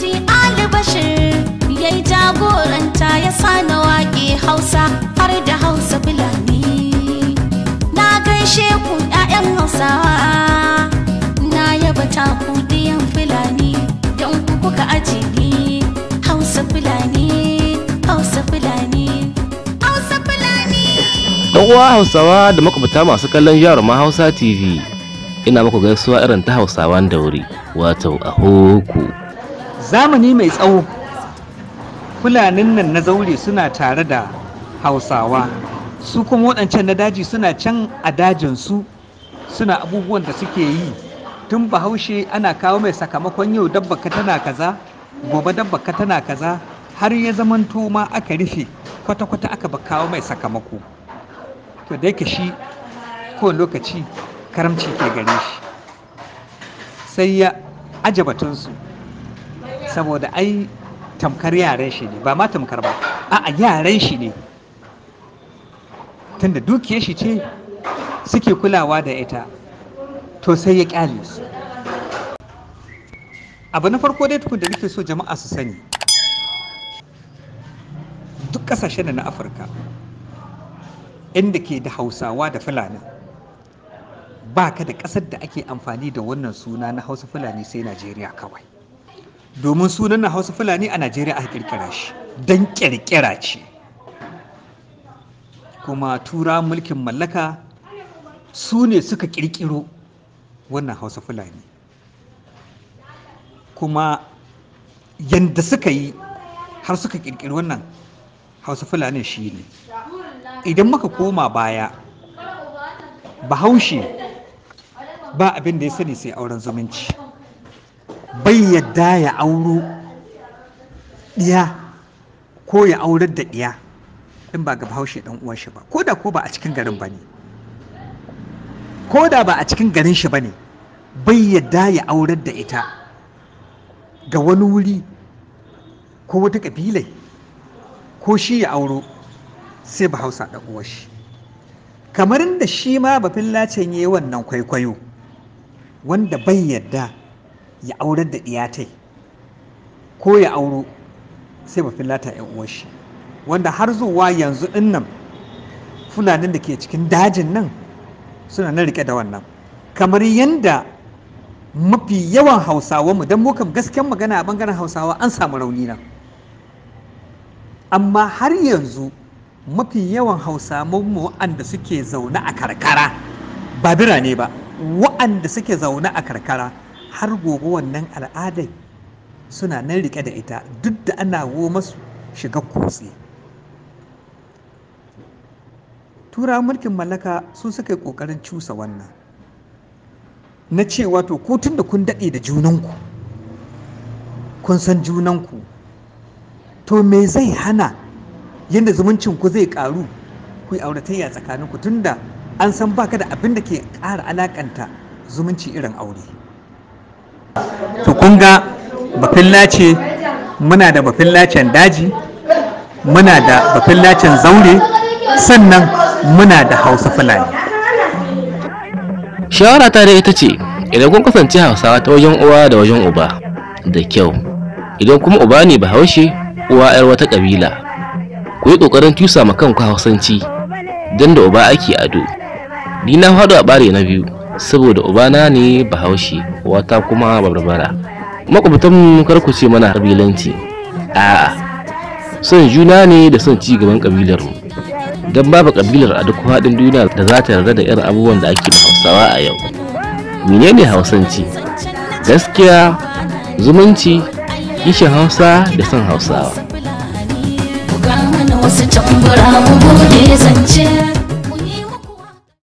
ti alibashir ya yi jagoranta ya sana waƙe hausa har da hausa fulani na gaishe ku 'ya'yan hausawa na yaba taku diyan fulani don ku kuka ajiye hausa fulani hausa fulani hausa fulani dan hausawa da makwabta masu kallon jaruma hausa tv ina muku gaisuwa irin ta hausawan da wuri wato a hoku zamani mai tsawo fulanin nan na zaure suna tare da hausawa su kuma waɗancan na daji suna can a dajinsu suna abubuwan da suke yi tun bahaushe ana kawo mai sakamakon yau dabbaka tana kaza gobe dabbaka tana kaza har ya zamanto ma aka rufe kwata-kwata aka ba kawo mai sakamako to dai ka shi kowane lokaci karamci ke gare shi sai ya batunsu. saboda ai tamkar yaren shi ne ba ma tamkar ba a'a yaren shi ne tunda dukiyar shi ce suke kulawa da ita to sai ya kyale su abu na farko dai tukun da nake so jama'a su sani duk kasashen da na afirka inda ke da hausawa da fulani ba ka da ƙasar da ake amfani da wannan suna na hausa fulani sai najeriya kawai domin sunan hausa fulani a najeriya aka kirkira shi don kirkira ce kuma tura mulkin mallaka su ne suka kirkiro wannan hausa fulani kuma yadda suka yi har suka kirkiri wannan hausa fulani shi ne idan muka koma baya bahaushe ba abin da ya sani sai auren zumunci bai yadda ya auro ɗiya ko ya aurar da ɗiya in ba ga bahaushe ɗan uwan shi ba ko da ko ba a cikin garin ba ne ko da ba a cikin garin shi ba ne bai yadda ya aurar da ita ga wani wuri ko wata ƙabilai ko shi ya auro sai bahausa ɗan uwan shi kamar da shi ma ba fillacen ya yi wannan kwaikwayo wanda bai yadda ya aurar da iyatai ko ya auro sai mafi filata yan uwashi. wanda har zuwa yanzu din nan fulanin da ke cikin dajin nan suna na rike da wannan kamar yadda mafi yawan hausawa mu don mukan gasken magana a bangaren hausawa an samu rauni nan amma har yanzu mafi yawan Hausawa mu waɗanda suke zaune a karkara ba birane ba waɗanda suke zaune a karkara har gobe wannan al'adai suna nan riƙe da ita duk da ana wo masu shiga kutse tura mulkin mallaka su suka yi ƙoƙarin cusa wannan na cewa to ko tun da kun daɗe da junanku kun san junanku to me zai hana yadda zumuncinku zai ƙaru ku yi auratayya tsakaninku tun da an san baka da abin da ke ƙara alaƙanta zumunci irin aure to kun ga bafillace muna da bafillacen daji muna da bafillacen zaure sannan muna da hausa fulani shawara ta da ita ce idan kun kasance hausawa ta wajen uwa da wajen uba da kyau idan kuma uba ne ba haushe uwa yar wata kabila ku yi ƙoƙarin tusa ma kanku hausanci don da uba ake ado ni na faɗo a bare na biyu saboda ubana ne bahaushe wata kuma barbara makwabtan karku ce mana harbilanci 'a son juna ne da son ci gaban kabilar mu don babu kabilar a duk faɗin duniya da za ta yarda da irin abubuwan da ake hausawa a yau menene hausanci gaskiya zumunci kishin hausa da son hausawa